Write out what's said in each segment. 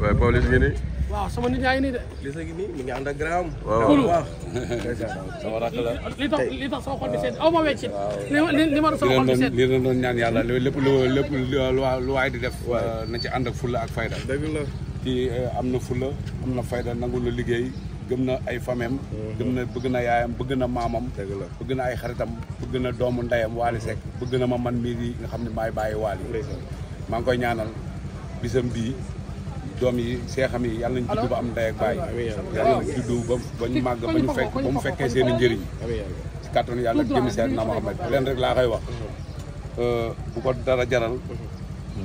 waaye Pawlish ngi nii. waaw sama nit yaa ngi nii de. li sa ngi nii mi ngi ànd ak gram. waaw waaw. sama rakk la li tax li tax sama xol bi seet aw ma wecc. li li ma sama xol bi seet. li doon doon ñaan yàlla lépp lu lépp lu waay di def. na ci ànd ak fulla ak fayda. dëgg la kii eh, am na fulla am na fayda nangu la liggéey. gëm na ay famem mhm. gëm na bëgg na yaayam bëgg na maamam bëgg na ay xaritam bëgg na doomu ndeyam Waly Seck bëgg na ma man mii di nga xam ne maay bàyyi Waly maa ngi koy ñaanal bisam bii doom yi seexam yi yàlla nañ judd ba am ndey ak bàyyi yàlla nañ judd ba ba ñu màgg ba ñu fekk ba mu fekkee seen i njëriñ si kàttanu yàlla ak jëmi na Mohamed leen rek laa koy wax mhm. euh, bu ko dara jaral mhm.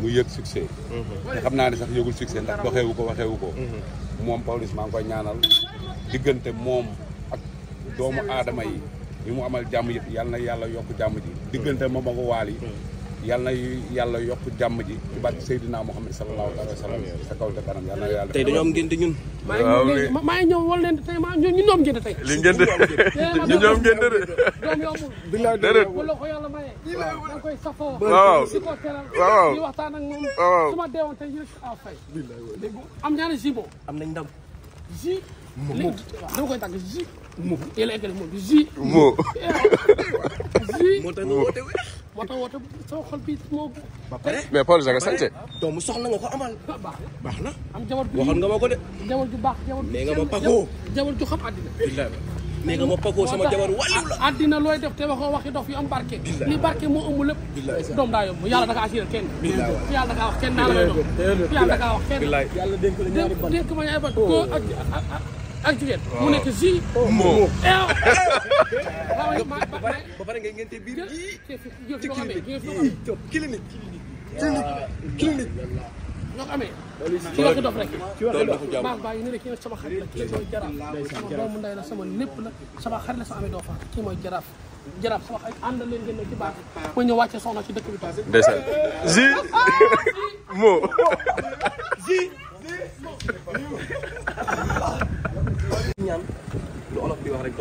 mu yëg succès te xam naa ne sax yëgul succès ndax doxewu ko waxewu ko moom Pawlish maa diggante moom ak doomu aadama yi yi mu amal jàmm yëpp yal na yàlla yokk jàmm ji diggante moom ak waal yi yal na yàlla yokk jàmm ji ci barke Seydina Muhammad sallallahu alayhi wa sallam sa kaw te kanam yal na yàlla tey am ngénte ñun maa ngi ñëw leen tey maa ñu ñoom ngénte de doom yombul bilaay déedéet bu la ko yàlla da waxtaan ak moom su ma deewoon tey ñu rek moo dama koy tàgg ji moo yéen a ekkale moo bi ji moo ji moo tax woote moo tax woote sama xol bi moo ba pare eh? mais Paul Jaga sante doomu soxna nga ko amal baax na am jabar waxoon nga ma ko de jabar ju baax jabar nee nga ma pakoo jabar ju xam àddina nee nga ma pakoo sama jabar wàllu la àddina looy def te waxoo waxi dof yu am barke li barke moo ëmb lépp doom daa yomb yàlla da kaa assuré kenn yàlla da kaa wax kenn naa la may doom yàlla da kaa wax kenn yàlla dénk ma ñaari ban ak jigéen. mu nekk ji. moo ba pare ngeen te biir ci clinique clinique ñoo ko amee ci waxi dof rek baas baa ngi ne kii nag sama xarit la kii mooy jaraaf sama doomu ndey la sama lépp la sama xarit la sama amee doo faa kii mooy jaraaf jaraaf sama xarit àndal leen ngeen ci baax ma ñëw wàcce soxna ci dëkk bi toog ndeysaan ji moo ji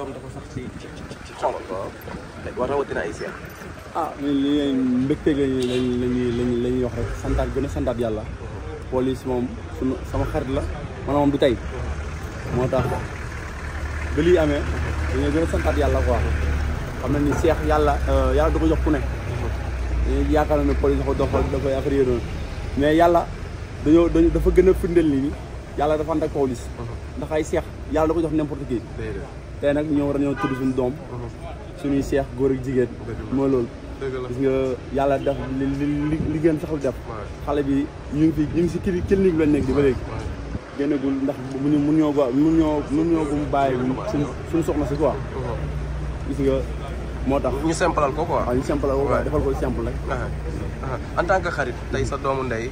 doom dafa sax ci ci ci xol. waaw rawatina ay seex. ah li ay mbégteeg la ñuy la ñuy la ñuy wax rek santaat gën a santaat yàlla. police moom sunu sama xarit la man moom du tey. moo tax ba lii amee dañoo gën a santaat yàlla quoi xam na ni seex yàlla euh, yàlla da ko jox ku ne. dañuy yaakaar ne police dafa doxal dafa affaire yooyu mais yàlla dañoo dañu dafa gën a firndeel nii yàlla dafa ànd ak police. Uh-huh. ndax ay seex yàlla da ko jox n'importe tey nag ñoo war a ñoo tudd suñu doom mhm. suñuy seex góor ak jigéen moo loolu gis nga yàlla def li li gën saxul def xale bi ñu ngi fi ñu ngi si clinique lañ nekk di ba léegi génnagul ndax muñu mun ñoo ba mun ñoo mun ñoo gum bàyyi suñ suñu soxna si quoi mhm. gis nga moo tax ñu simplal ko quoi waaw ñu simplal ko quoi defal ko simple rek uh-huh. en tant que xarit lay sa doomu ndey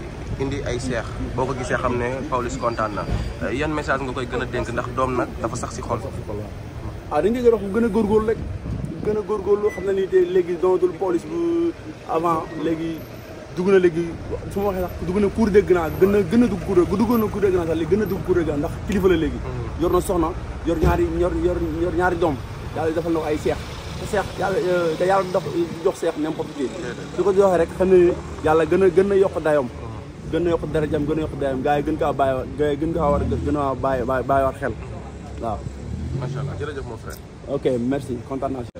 indi ay seex boo ko gisee xam ne lu si kontaan na uh, yan message nga koy gën a dénk ndax doom nag dafa sax si xol ah dañ koy gën a wax gën a góorgóorlu rek a góorgóorlu xam na ni te léegi doonatul police bu avant léegi dugg na léegi su ma waxee sax dugg na cour de naa gën a gën a dugg cour de duggoon na cour de grand sax léegi gën a dugg cour de grand ndax kilifa la léegi mm-hmm. yor na soxna yor ñaari yor yor yor ñaari doom yàlla defal na ko ay seex te seex yàlla euh, te yàlla dox jox seex n'importe qui mm-hmm. su ko joxee rek xam ne yàlla gën a gën a yokk dayom gën a yokk darajam gën a yokk dayam gars yi gën kaa bàyyi gars yi gën kaa war a gën a bàyyi bàyyi war xel waaw macha allah jërëjëf mon frère. ok merci kontaan naa si.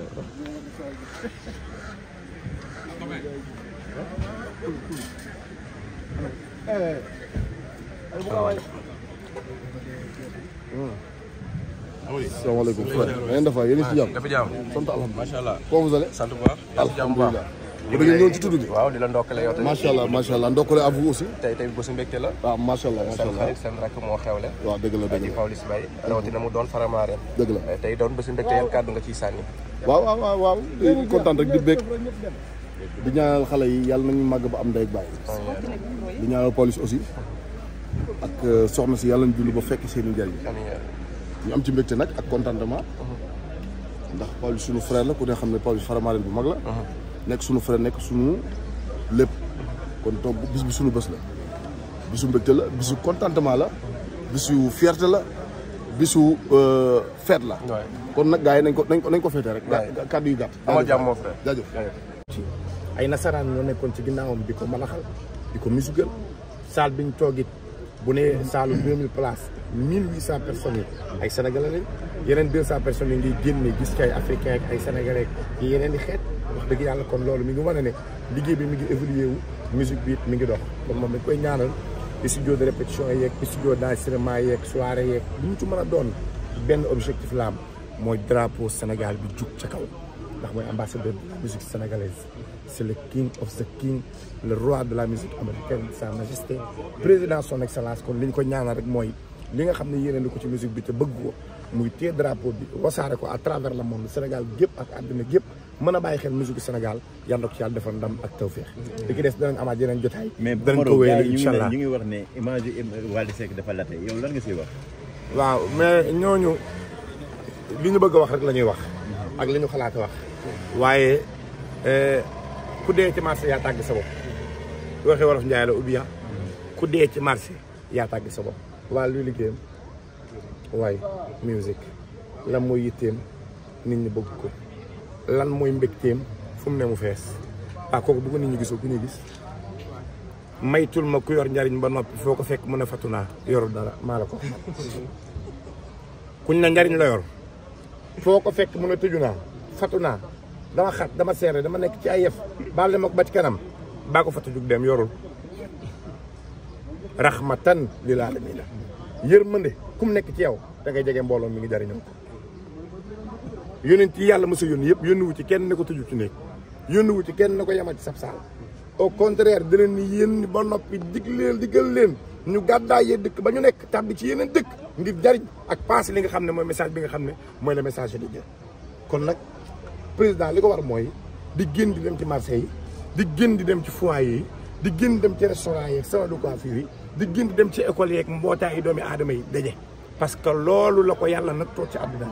salaamaaleykum. yéen dafa yéen a ngi si jàmm. sant alhamdulilah. macha allah. koo vous allez. sant bu baax. alhamdulilah. ñu waaw di la ndokkale yow tamit macha la. waaw ah, macha allah macha allah seen xarit seen rakk moo xewle. waaw dëgg la dëgg la ci Pawlish Mbaye rawatina mu eh, tey doon bésu mbégte yan kàddu nga ciy sànni. waaw waaw waaw waaw xale yi yàlla nañu màgg ba am ndey ak baay. di ñaanal Pawlish aussi ak euh, soxna si yàlla ñu dund ba fekk seen i njëriñ. ñu am ci mbégte nag ak contentement. Mhm. ndax Pawlish suñu frère la ku ne xam ne Pawlish faramaare bu mag la mhm. nekk sunu frère nekk sunu lépp kon donc bis bi sunu bës la bisu mbégte la bisu contentement la bisu fierté la bisu euh, fête la. kon nag gars yi nañ ko nañ ko nañ ko féete rek. waaw kàddu yu gàtt. amoo jàmm moo frère ay nasaraan ñoo nekkoon ci ginnaawam di ko malaxal di ko misugal salle bi ñu toogit bu nee saalu 2000 places 1800 personnes yi ay sénégalais lañ yeneen 200 personnes yi ngi génne gis kay africain ak ay sénégalais ak yeneen i xeet. wax dëgg yàlla kon loolu mi ngi wane ne liggéey bi mu ngi évolué wu musique bi it mi ngi dox kon moom dañ koy ñaanal studio de répétition yeeg studio d'enregistrement yeeg soirée yeeg li mu ci mën a doon benn objectif la mooy drapeau Sénégal bi jug ca kaw ndax mooy ambassadeur de la musique sénégalaise c'est le king of the king le roi de la musique américaine sa majesté président son excellence kon li ñu ko ñaanal rek mooy li nga xam ne yéene ko ci musique bi ca bëgg ko mu téye drapeau bi wasaare ko à travers le monde Sénégal gépp ak àddina gépp mën a bàyyi xel musique Sénégal yal na ko ci yàlla defal ndam ak tawféex li ki des danañ amaat yeneen jotaay danañ ko wéyal incha allah ñu ngi ne image Wally Seck dafa late yow lan nga siy wax waaw mais ñooñu li ñu bëgg a wax rek la ñuy wax ak li ñu xalaat wax waaye eh, ku dee ci marché yaa tàgg sa bopp waxee wolof njaay ku dee ci marché yaa sa bopp waa luy liggéeyam waaye musique la mooy yitteem nit ñi bëgg lan mooy mbégteem fu ne mu fees ah kooku bëgg nit ñu gisoo ku ñu gis maytul ma ku yor njariñ ba nopp foo ko fekk mën a fatu naa yorul dara maa la ko kuñ na njariñ la yor foo ko fekk mën a tëju naa dama xat dama nekk ci ay yëf baal ma ko ba kanam baa ko fatu jug dem yorul raxmatan lil aalamiina yërmande ku mu nekk ci yow da jege mbooloo mi ngi jariñoo ko yónent yi yàlla mos a yónni yëpp yónni wu ci kenn ne ko tëju ci néeg yónni wu ci kenn ne ko yemal ci sab saal au contraire dina ni yéen ba noppi dig leen leen ñu gàddaayee dëkk ba ñu nekk tàbbi ci yeneen dëkk ngir jariñ ak passé li nga xam ne mooy message bi nga xam ne mooy la message di jël kon nag président li ko war mooy di génn di dem ci marché yi di génn di dem ci foyer yi di génn dem ci restaurant yi ak salon de coiffure yi di génn dem ci école yi mbootaay doomi aadama yi daje parce que loolu la ko yàlla nag toog ci àdduna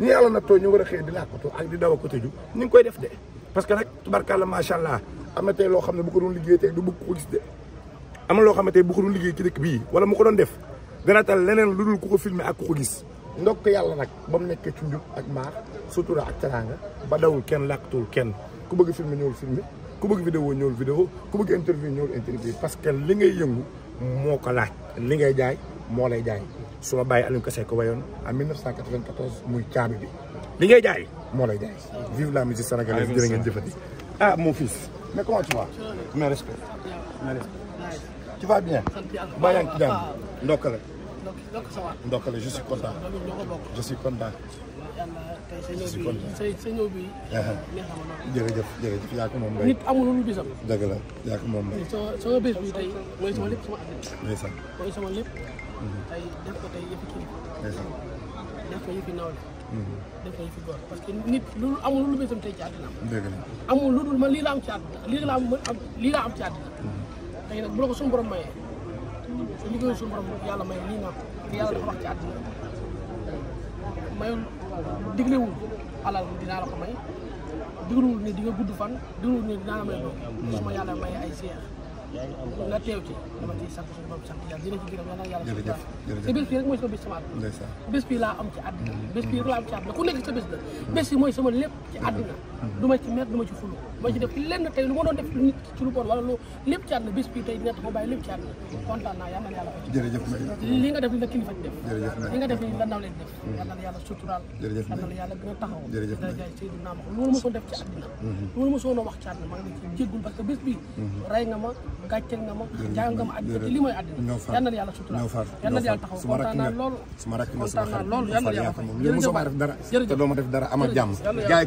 ñu yàlla nag too ñu war a xëy di làkkatu ak di daw a ko tëju ñu ngi koy def de parce que nag tubarkàlla macha allah am na loo xam ne bu ko doon liggéey tey du bëgg ko gis de am loo xam ne tey bu ko doon liggéey ci dëkk bii wala mu ko doon def dana tal leneen lu dul ko ko filmé ak ku ko gis ndokk yàlla nag ba mu nekkee ci njub ak maax sutura ak teraanga ba dawul kenn làkkatul kenn ku bëgg filmé ñëwul filmé ku bëgg vidéo ñëwul vidéo ku bëgg interview ñëwul interview parce que li ngay yëngu moo ko laaj li ngay jaay moo lay jaay su ma bàyyi Alioune Kassé ko wayoon en 1994 muy caabi bi li ngay jaay moo lay jaay. vive la musique sénégalaise jërë ngeen jëfati. ah mon fils mais comment tu vas. mes respects mes respects. tu vas bien. ba yaa ngi ci jàmm ndokk ndokkale je suis content. je suis content. je suis content. jërëjëf jërëjëf nit amul lu bisam. dëgg la yaa moom mbay. sama sama bés bi tey mooy sama mhm. mhm. parce que nit lu lu bisam tey ci àddina am. amul lu dul man lii ci àddina lii la am lii la am ci àddina. Mhm. tey nag bu la ko suñu borom mayee. te liggéeyu suñu borom yàlla may nii naa ko te yàlla dafa wax ci àddina mayul diglewul alal dinaa la ko may diglewul ne di nga gudd fan diglewul ne dinaa la may doom su yàlla may ay seex nga teew ci dama ciy sant suñu bopp sant yàlla dina ci gërëm yàlla yàlla jërëjëf jërëjëf te bés bii rek mooy sama bés sama àdduna bés bii laa am ci àdduna mm-hmm. bés bii rek laa am ci àdduna ku nekk sa bés la mm-hmm. bés yi mooy sama lépp ci mm-hmm. àdduna du ma ci mer du ma ci fulu du ma ci def lenn tey lu ma doon def nit ci lu bon wala lu lépp ci àdduna bés bii tey dina tax ma bàyyi lépp ci àdduna kontaan naa yàlla yàlla li nga def li la kilifa ci def li nga def li la ndaw leen def yàlla yàlla suturaal yàlla yàlla gën a taxaw da jaay Seydina Muhammad loolu ma soo def ci àdduna loolu ma soo wax ci àdduna maa ngi ci jéggul parce que bés bii rey nga ma gàcceel nga ma jaay nga ma àddina te li mooy àddina yal na yàlla sutura yal na yàlla taxaw kontaan naa lool suma rakk nga suma xarit lool yal na yàlla taxaw jërëjëf te doo ma def dara amal jàmm gaay